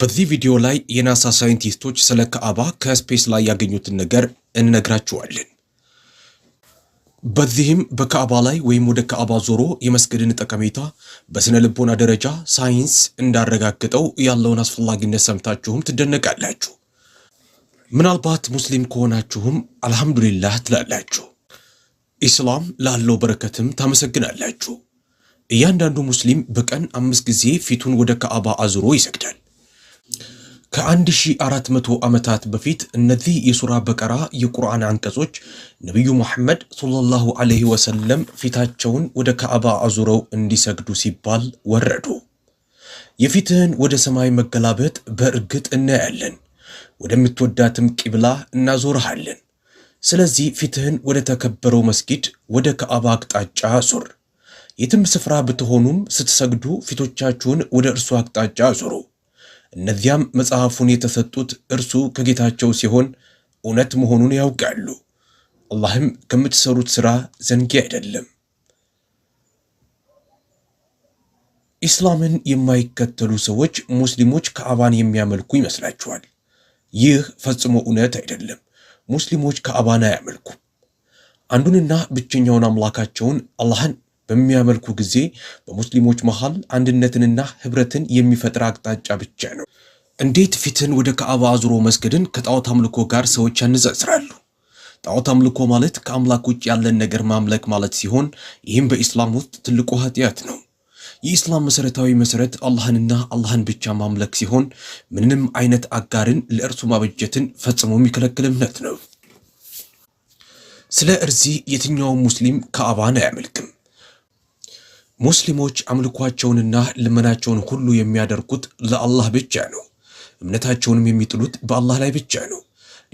በዚህ ቪዲዮ ላይ የናሳ ሳይንቲስቶች ስለ ካዕባ ከስፔስ ላይ ያገኙትን ነገር እንነግራችኋለን። በዚህም በካዕባ ላይ ወይም ወደ ካዕባ ዞሮ የመስገድን ጠቀሜታ በስነ ልቦና ደረጃ ሳይንስ እንዳረጋግጠው ያለውን አስፈላጊነት ሰምታችሁም ትደነቃላችሁ። ምናልባት ሙስሊም ከሆናችሁም አልሐምዱሊላህ ትላላችሁ። ኢስላም ላለው በረከትም ታመሰግናላችሁ። እያንዳንዱ ሙስሊም በቀን አምስት ጊዜ ፊቱን ወደ ካዕባ አዙሮ ይሰግዳል። ከ1400 ዓመታት በፊት እነዚህ የሱራ በቀራ የቁርአን አንቀጾች ነቢዩ ሙሐመድ ሰለላሁ ዐለይሂ ወሰለም ፊታቸውን ወደ ካዕባ አዙረው እንዲሰግዱ ሲባል ወረዱ። የፊትህን ወደ ሰማይ መገላበጥ በእርግጥ እናያለን፣ ወደምትወዳትም ቂብላ እናዞርሃለን። ስለዚህ ፊትህን ወደ ተከበረው መስጊድ ወደ ካዕባ አቅጣጫ አዙር። የትም ስፍራ ብትሆኑም ስትሰግዱ ፊቶቻችሁን ወደ እርሱ አቅጣጫ አዙሩ። እነዚያም መጽሐፉን የተሰጡት እርሱ ከጌታቸው ሲሆን እውነት መሆኑን ያውቃሉ። አላህም ከምትሰሩት ሥራ ዘንጊ አይደለም። ኢስላምን የማይከተሉ ሰዎች ሙስሊሞች ከአባን የሚያመልኩ ይመስላችኋል። ይህ ፈጽሞ እውነት አይደለም። ሙስሊሞች ከአባን አያመልኩም። አንዱንና ብቸኛውን አምላካቸውን አላህን በሚያመልኩ ጊዜ በሙስሊሞች መሃል አንድነትንና ህብረትን የሚፈጥር አቅጣጫ ብቻ ነው። እንዴት ፊትን ወደ ከአባ አዙሮ መስገድን ከጣዖት አምልኮ ጋር ሰዎች ያነጻጽራሉ? ጣዖት አምልኮ ማለት ከአምላክ ውጭ ያለን ነገር ማምለክ ማለት ሲሆን ይህም በኢስላም ውስጥ ትልቁ ኃጢአት ነው። የኢስላም መሰረታዊ መሰረት አላህንና አላህን ብቻ ማምለክ ሲሆን ምንም አይነት አጋርን ለእርሱ ማበጀትን ፈጽሞ የሚከለክል እምነት ነው። ስለ እርዚህ የትኛውም ሙስሊም ከአባን አያመልክም። ሙስሊሞች አምልኳቸውንና ልመናቸውን ሁሉ የሚያደርጉት ለአላህ ብቻ ነው። እምነታቸውንም የሚጥሉት በአላህ ላይ ብቻ ነው።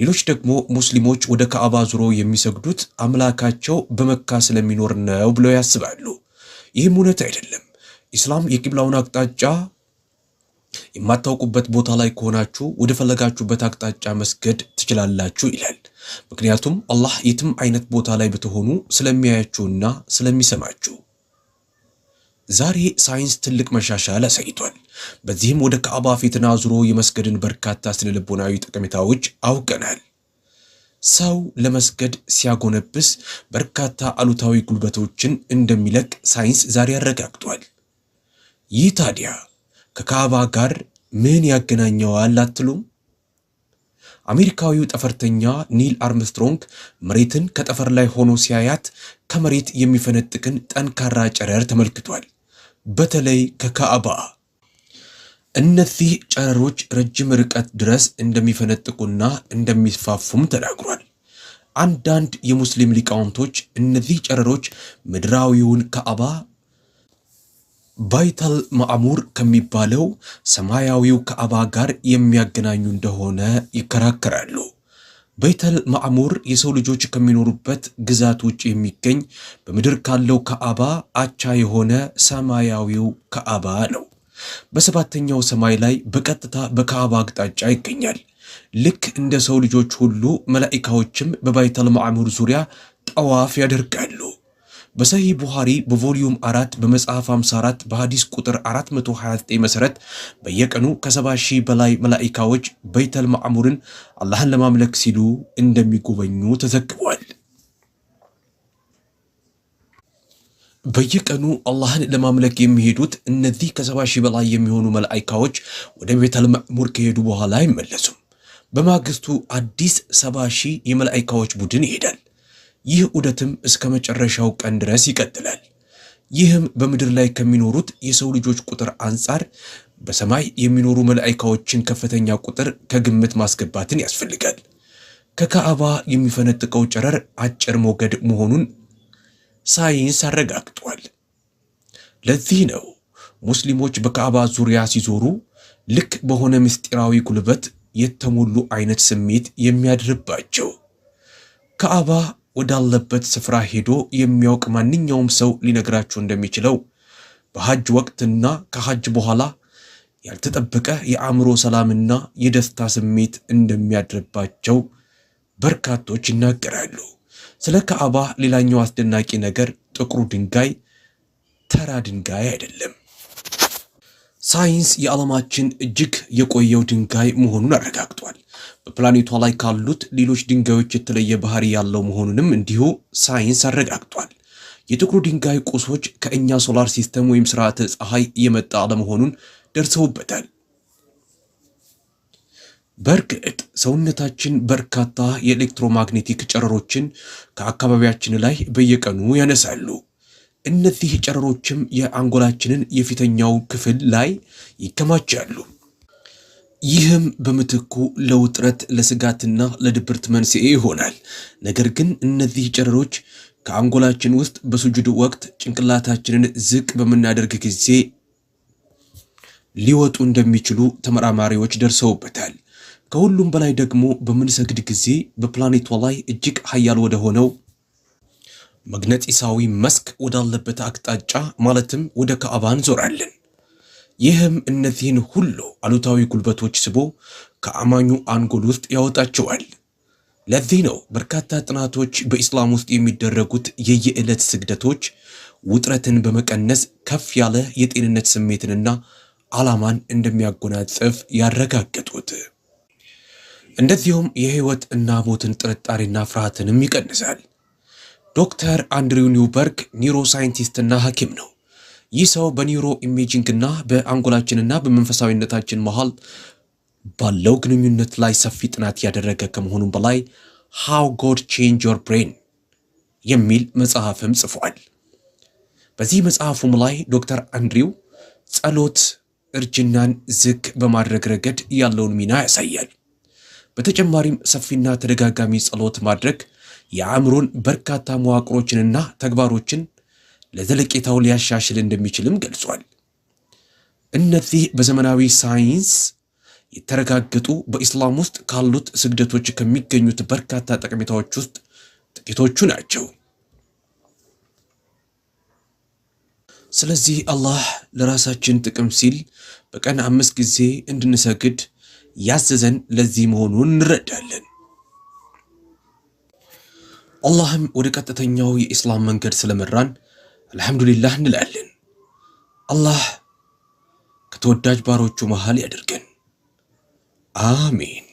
ሌሎች ደግሞ ሙስሊሞች ወደ ካዕባ ዙሮ የሚሰግዱት አምላካቸው በመካ ስለሚኖር ነው ብለው ያስባሉ። ይህም እውነት አይደለም። ኢስላም የቂብላውን አቅጣጫ የማታውቁበት ቦታ ላይ ከሆናችሁ ወደ ፈለጋችሁበት አቅጣጫ መስገድ ትችላላችሁ ይላል። ምክንያቱም አላህ የትም አይነት ቦታ ላይ ብትሆኑ ስለሚያያችሁና ስለሚሰማችሁ ዛሬ ሳይንስ ትልቅ መሻሻል አሳይቷል። በዚህም ወደ ካዕባ ፊትና ዙሮ የመስገድን በርካታ ስነልቦናዊ ጠቀሜታዎች አውቀናል። ሰው ለመስገድ ሲያጎነብስ በርካታ አሉታዊ ጉልበቶችን እንደሚለቅ ሳይንስ ዛሬ አረጋግጧል። ይህ ታዲያ ከካዕባ ጋር ምን ያገናኘዋል አትሉም? አሜሪካዊው ጠፈርተኛ ኒል አርምስትሮንግ መሬትን ከጠፈር ላይ ሆኖ ሲያያት ከመሬት የሚፈነጥቅን ጠንካራ ጨረር ተመልክቷል። በተለይ ከካዕባ። እነዚህ ጨረሮች ረጅም ርቀት ድረስ እንደሚፈነጥቁና እንደሚስፋፉም ተናግሯል። አንዳንድ የሙስሊም ሊቃውንቶች እነዚህ ጨረሮች ምድራዊውን ካዕባ ባይተል ማዕሙር ከሚባለው ሰማያዊው ካዕባ ጋር የሚያገናኙ እንደሆነ ይከራከራሉ። በይተል ማዕሙር የሰው ልጆች ከሚኖሩበት ግዛት ውጭ የሚገኝ በምድር ካለው ከአባ አቻ የሆነ ሰማያዊው ከአባ ነው። በሰባተኛው ሰማይ ላይ በቀጥታ በከአባ አቅጣጫ ይገኛል። ልክ እንደ ሰው ልጆች ሁሉ መላኢካዎችም በባይተል ማዕሙር ዙሪያ ጠዋፍ ያደርጋል። በሰሂህ ቡኻሪ በቮሊዩም 4 በመጽሐፍ 54 በሐዲስ ቁጥር 429 መሰረት በየቀኑ ከ ሺህ በላይ መላኢካዎች በይተል ማዕሙርን አላህን ለማምለክ ሲሉ እንደሚጎበኙ ተዘግቧል። በየቀኑ አላህን ለማምለክ የሚሄዱት እነዚህ ከሰባ ሺህ በላይ የሚሆኑ መላኢካዎች ወደ ቤተል ማዕሙር ከሄዱ በኋላ አይመለሱም። በማግስቱ አዲስ ሰባ ሺህ የመላኢካዎች ቡድን ይሄዳል። ይህ ዑደትም እስከ መጨረሻው ቀን ድረስ ይቀጥላል። ይህም በምድር ላይ ከሚኖሩት የሰው ልጆች ቁጥር አንጻር በሰማይ የሚኖሩ መላእክቶችን ከፍተኛ ቁጥር ከግምት ማስገባትን ያስፈልጋል። ከካዕባ የሚፈነጥቀው ጨረር አጭር ሞገድ መሆኑን ሳይንስ አረጋግጧል። ለዚህ ነው ሙስሊሞች በካዕባ ዙሪያ ሲዞሩ ልክ በሆነ ምስጢራዊ ጉልበት የተሞሉ አይነት ስሜት የሚያድርባቸው። ካዕባ ወዳለበት ስፍራ ሄዶ የሚያውቅ ማንኛውም ሰው ሊነግራችሁ እንደሚችለው በሐጅ ወቅትና ከሐጅ በኋላ ያልተጠበቀ የአእምሮ ሰላምና የደስታ ስሜት እንደሚያድርባቸው በርካቶች ይናገራሉ። ስለ ካዕባ ሌላኛው አስደናቂ ነገር ጥቁሩ ድንጋይ ተራ ድንጋይ አይደለም። ሳይንስ የዓለማችን እጅግ የቆየው ድንጋይ መሆኑን አረጋግጧል። በፕላኔቷ ላይ ካሉት ሌሎች ድንጋዮች የተለየ ባህሪ ያለው መሆኑንም እንዲሁ ሳይንስ አረጋግጧል። የጥቁሩ ድንጋይ ቁሶች ከእኛ ሶላር ሲስተም ወይም ስርዓተ ፀሐይ የመጣ አለመሆኑን ደርሰውበታል። በእርግጥ ሰውነታችን በርካታ የኤሌክትሮማግኔቲክ ጨረሮችን ከአካባቢያችን ላይ በየቀኑ ያነሳሉ። እነዚህ ጨረሮችም የአንጎላችንን የፊተኛው ክፍል ላይ ይከማቻሉ። ይህም በምትኩ ለውጥረት ለስጋትና ለድብርት መንስኤ ይሆናል። ነገር ግን እነዚህ ጨረሮች ከአንጎላችን ውስጥ በሱጁድ ወቅት ጭንቅላታችንን ዝቅ በምናደርግ ጊዜ ሊወጡ እንደሚችሉ ተመራማሪዎች ደርሰውበታል። ከሁሉም በላይ ደግሞ በምንሰግድ ጊዜ በፕላኔቷ ላይ እጅግ ኃያል ወደ ሆነው መግነጢሳዊ መስክ ወዳለበት አቅጣጫ ማለትም ወደ ካዕባ እንዞራለን። ይህም እነዚህን ሁሉ አሉታዊ ጉልበቶች ስቦ ከአማኙ አንጎል ውስጥ ያወጣቸዋል። ለዚህ ነው በርካታ ጥናቶች በኢስላም ውስጥ የሚደረጉት የየዕለት ስግደቶች ውጥረትን በመቀነስ ከፍ ያለ የጤንነት ስሜትንና ዓላማን እንደሚያጎናጽፍ ያረጋገጡት። እንደዚሁም የህይወት እና ሞትን ጥርጣሬና ፍርሃትንም ይቀንሳል። ዶክተር አንድሪው ኒውበርግ ኒውሮሳይንቲስትና ሐኪም ነው። ይህ ሰው በኒውሮ ኢሜጂንግና በአንጎላችንና በመንፈሳዊነታችን መሃል ባለው ግንኙነት ላይ ሰፊ ጥናት ያደረገ ከመሆኑም በላይ ሃው ጎድ ቼንጅ ዮር ብሬን የሚል መጽሐፍም ጽፏል። በዚህ መጽሐፉም ላይ ዶክተር አንድሪው ጸሎት እርጅናን ዝግ በማድረግ ረገድ ያለውን ሚና ያሳያል። በተጨማሪም ሰፊና ተደጋጋሚ ጸሎት ማድረግ የአእምሮን በርካታ መዋቅሮችንና ተግባሮችን ለዘለቄታው ሊያሻሽል እንደሚችልም ገልጿል። እነዚህ በዘመናዊ ሳይንስ የተረጋገጡ በኢስላም ውስጥ ካሉት ስግደቶች ከሚገኙት በርካታ ጠቀሜታዎች ውስጥ ጥቂቶቹ ናቸው። ስለዚህ አላህ ለራሳችን ጥቅም ሲል በቀን አምስት ጊዜ እንድንሰግድ ያዘዘን ለዚህ መሆኑን እንረዳለን። አላህም ወደ ቀጥተኛው የኢስላም መንገድ ስለመራን አልሐምዱሊላህ እንላለን። አላህ ከተወዳጅ ባሮቹ መሃል ያደርገን። አሚን።